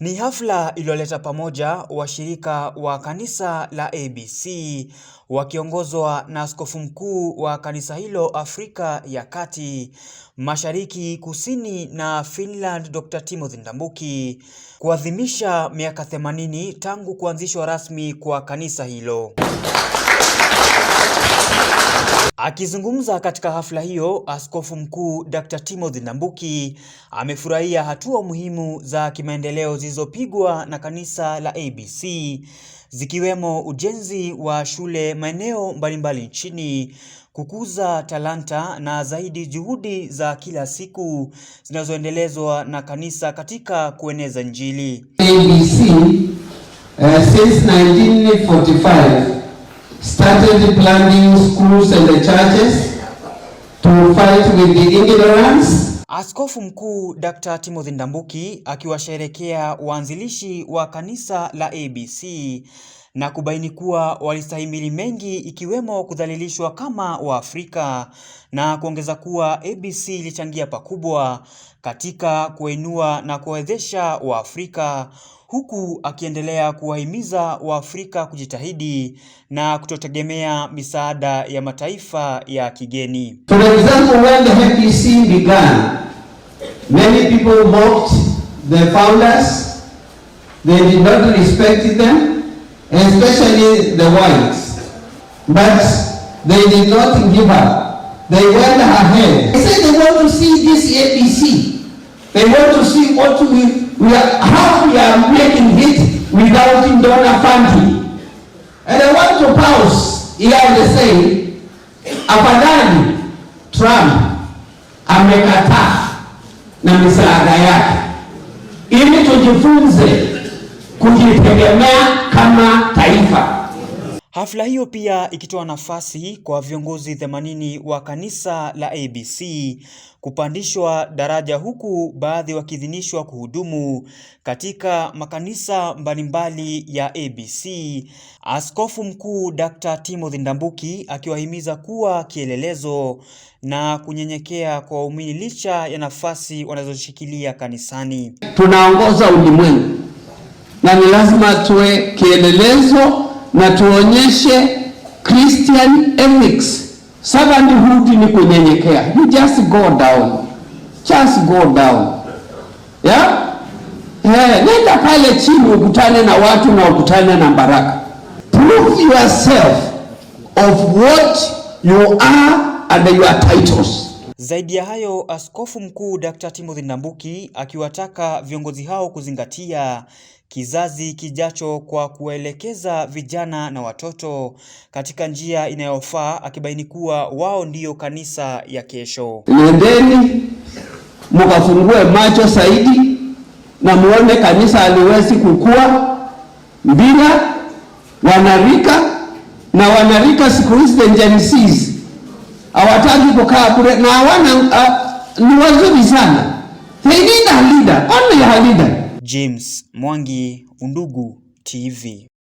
Ni hafla iliyoleta pamoja washirika wa kanisa la ABC wakiongozwa na askofu mkuu wa kanisa hilo Afrika ya Kati, Mashariki, Kusini na Finland Dr. Timothy Ndambuki kuadhimisha miaka 80 tangu kuanzishwa rasmi kwa kanisa hilo. Akizungumza katika hafla hiyo, Askofu Mkuu Dr. Timothy Ndambuki amefurahia hatua muhimu za kimaendeleo zilizopigwa na kanisa la ABC zikiwemo ujenzi wa shule maeneo mbalimbali nchini, kukuza talanta na zaidi juhudi za kila siku zinazoendelezwa na kanisa katika kueneza Injili. ABC, uh, eh, since 1945 started planning schools and the churches to fight with the ignorance. Askofu Mkuu Dr. Timothy Ndambuki akiwasherekea waanzilishi wa kanisa la ABC na kubaini kuwa walistahimili mengi ikiwemo kudhalilishwa kama Waafrika na kuongeza kuwa ABC ilichangia pakubwa katika kuwainua na kuwawezesha Waafrika huku akiendelea kuwahimiza Waafrika kujitahidi na kutotegemea misaada ya mataifa ya kigeni. For example, when the FEC began, many people mocked the founders, they did not respect them especially the whites. But they did not give up. They went ahead. They said they want to see this ABC. They want to see what we, we are, how we are making it without donor funding. And I want to pause here and say, afadhali Trump amekataa na misaada yake ili tujifunze kujitegemea kama taifa. Hafla hiyo pia ikitoa nafasi kwa viongozi 80 wa kanisa la ABC kupandishwa daraja huku baadhi wakiidhinishwa kuhudumu katika makanisa mbalimbali ya ABC. Askofu Mkuu Dr. Timothy Ndambuki akiwahimiza kuwa kielelezo na kunyenyekea kwa waumini licha ya nafasi wanazoshikilia kanisani. Tunaongoza ulimwengu na ni lazima tuwe kielelezo na tuonyeshe Christian ethics. Servanthood ni kunyenyekea. You just go down, just go down yeah? Yeah. nenda pale chini ukutane na watu na ukutane na baraka. Prove yourself of what you are and your titles. Zaidi ya hayo, Askofu Mkuu Dr. Timothy Ndambuki akiwataka viongozi hao kuzingatia kizazi kijacho kwa kuwaelekeza vijana na watoto katika njia inayofaa, akibaini kuwa wao ndiyo kanisa ya kesho. Nendeni mukafungue macho zaidi na muone kanisa haliwezi kukua bila wanarika na wanarika siku hizi the Gen Zs hawataki kukaa kule na hawana uh, ni wazuri sana. They need a leader, only a leader. James Mwangi, Undugu TV.